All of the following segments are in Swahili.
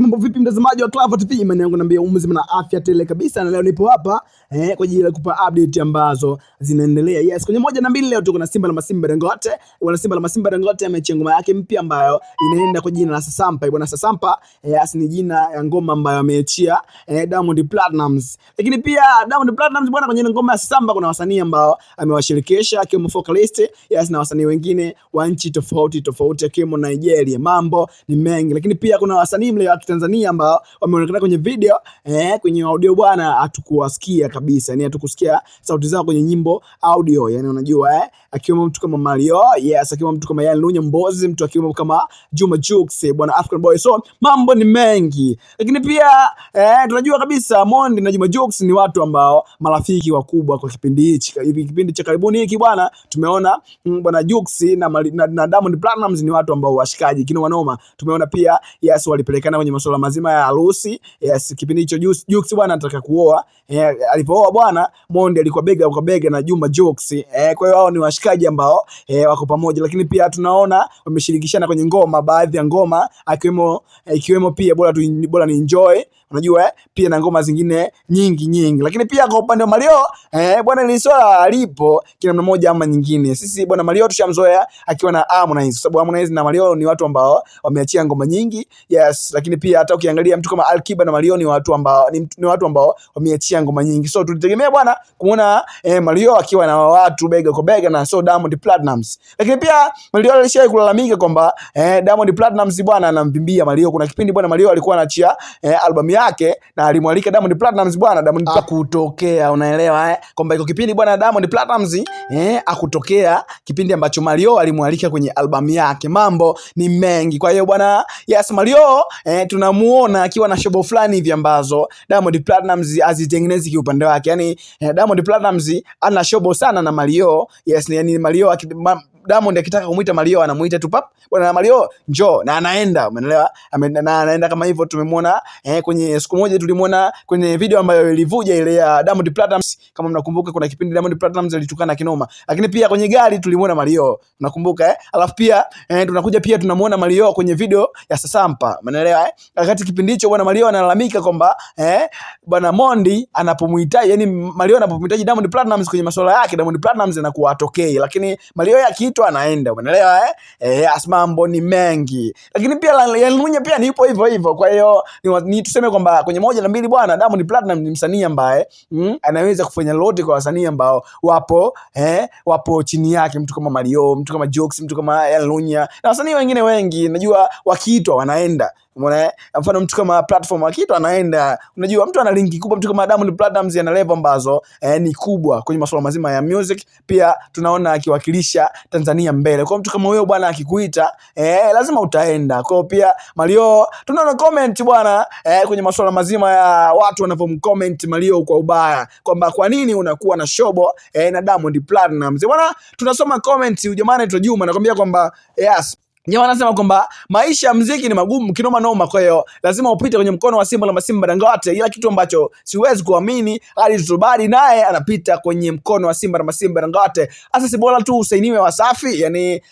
Mambo vipi mtazamaji wa Clava TV? Imani yangu naambia umzima na afya tele kabisa, na leo nipo hapa eh, kwa ajili ya kupa update ambazo zinaendelea. Yes, kwenye moja na mbili leo tuko na Simba na Masimba Dangote. Wana Simba na Masimba Dangote amechia ngoma yake mpya ambayo inaenda kwa jina la Sasampa. Bwana Sasampa eh, ni jina ya ngoma ambayo ameachia eh, Diamond Platnumz. Lakini pia Diamond Platnumz bwana, kwenye ngoma ya Sasampa kuna wasanii ambao amewashirikisha akiwemo vocalist, yes, na wasanii wengine wa nchi tofauti tofauti akiwemo Nigeria. Mambo ni mengi. Lakini pia kuna wasanii watu Tanzania ambao wameonekana kwenye video eh, kwenye audio bwana, hatukuwasikia kabisa, yani hatukusikia sauti zao kwenye nyimbo audio, yani unajua eh, akiwemo mtu kama Mario, yes, akiwemo mtu kama yani Lunya Mbozi, mtu akiwemo kama Juma Jux, bwana African Boy. So mambo ni mengi, lakini pia eh, tunajua kabisa Mondi na Juma Jux ni watu ambao marafiki wakubwa kwa kipindi hichi, hivi kipindi cha karibuni hiki bwana, tumeona mm, bwana Jux na, na, na Diamond Platnumz ni watu ambao washikaji kinoma noma, tumeona pia yes, walipelekana kwenye masuala mazima ya harusi. Yes, kipindi hicho Jux bwana anataka kuoa. Eh, alipooa bwana Mondi alikuwa bega kwa bega na Juma Jux. Eh, kwa hiyo wao ni washikaji ambao eh, wako pamoja, lakini pia tunaona wameshirikishana kwenye ngoma, baadhi ya ngoma akiwemo eh, ikiwemo pia bora tu bora ni enjoy unajua eh? Pia na ngoma zingine nyingi nyingi, lakini pia kwa upande wa Mario eh, bwana ni swala alipo kina mtu moja ama nyingine. Sisi bwana Mario tushamzoea akiwa na Harmonize, sababu Harmonize na Mario ni watu ambao wameachia ngoma nyingi yes, lakini pia hata ukiangalia mtu kama Alkiba na Mario ni watu ambao ni, ni watu ambao wameachia ngoma nyingi, so tulitegemea bwana kuona eh, Mario akiwa na watu bega kwa bega na so Diamond Platnumz, lakini pia Mario alishawahi kulalamika kwamba eh, Diamond Platnumz bwana anamvimbia Mario. Kuna kipindi bwana Mario alikuwa anaachia eh, albamu yake na alimwalika Diamond Platnumz bwana, Diamond akutokea, unaelewa eh, kwamba iko kipindi bwana Diamond Platnumz eh akutokea, kipindi ambacho Mario alimwalika kwenye albamu yake. Mambo ni mengi, kwa hiyo bwana yes Mario eh, tunamuona akiwa na shobo fulani hivi ambazo Diamond Platnumz azitengenezi kiupande wake, yani eh, Diamond Platnumz ana shobo sana na Mario yes, yani Mario akidima, Diamond akitaka kumuita Mario anamuita tu pap bwana Mario njoo, na anaenda, umeelewa, na anaenda kama hivyo tumemwona eh, kwenye siku moja tulimwona kwenye video ambayo ilivuja ile ya Diamond Platnumz. Kama mnakumbuka, kuna kipindi Diamond Platnumz alitukana kinoma, lakini pia kwenye gari tulimwona Mario, nakumbuka eh. Alafu pia eh, tunakuja pia tunamwona Mario kwenye video ya Sasampa, umeelewa eh? Wakati kipindi hicho bwana Mario analalamika kwamba eh, bwana Mondi anapomhitaji, yani Mario anapomhitaji Diamond Platnumz kwenye masuala yake, Diamond Platnumz anakuwa atokei, lakini Mario akiitwa anaenda, umeelewa eh? Eh, asmambo ni mengi, lakini pia Yel Nunya pia nipo hivyo hivyo, kwa hiyo ni, ni tuseme kwa kwamba kwenye moja na mbili bwana, Diamond Platinum ni msanii ambaye mm, anaweza kufanya lolote kwa wasanii ambao wapo eh, wapo chini yake, mtu kama Mario, mtu kama Jokes, mtu kama Elunya na wasanii wengine wengi, najua wakiitwa wanaenda Umeona? Eh? Mfano mtu kama platform akitu anaenda, unajua mtu ana linki kubwa, mtu kama Diamond Platnumz ana level ambazo eh, ni kubwa kwenye masuala mazima ya music, pia tunaona akiwakilisha Tanzania mbele. Kwa mtu kama huyo bwana akikuita, eh, lazima utaenda. Kwa pia Mario tunaona comment bwana eh, kwenye masuala mazima ya watu wanavyomcomment Mario kwa ubaya kwamba kwa nini unakuwa na shobo eh, na Diamond Platnumz. Bwana tunasoma comment ujamaa anaitwa Juma nakwambia kwamba yes ndio wanasema kwamba maisha ya mziki ni magumu kinoma noma, kwa hiyo lazima upite kwenye mkono wa Simba la Masimba Dangote, ila kitu ambacho siwezi kuamini hadi tutubali naye anapita kwenye mkono wa Simba la Masimba Dangote. Sasa si bora tu usainiwe Wasafi? Yani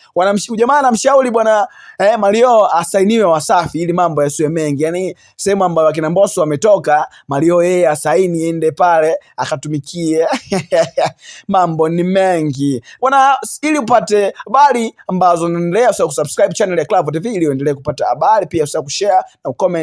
jamaa anamshauri bwana eh, Mario asainiwe Wasafi ili mambo yasiwe mengi, yani sehemu ambayo akina Mbosso wametoka, Mario yeye asaini ende pale akatumikie mambo ni mengi bwana, ili upate habari ambazo naendelea so subscribe channel ya Clavo TV ili uendelee kupata habari, pia usahau kushare na ucomment.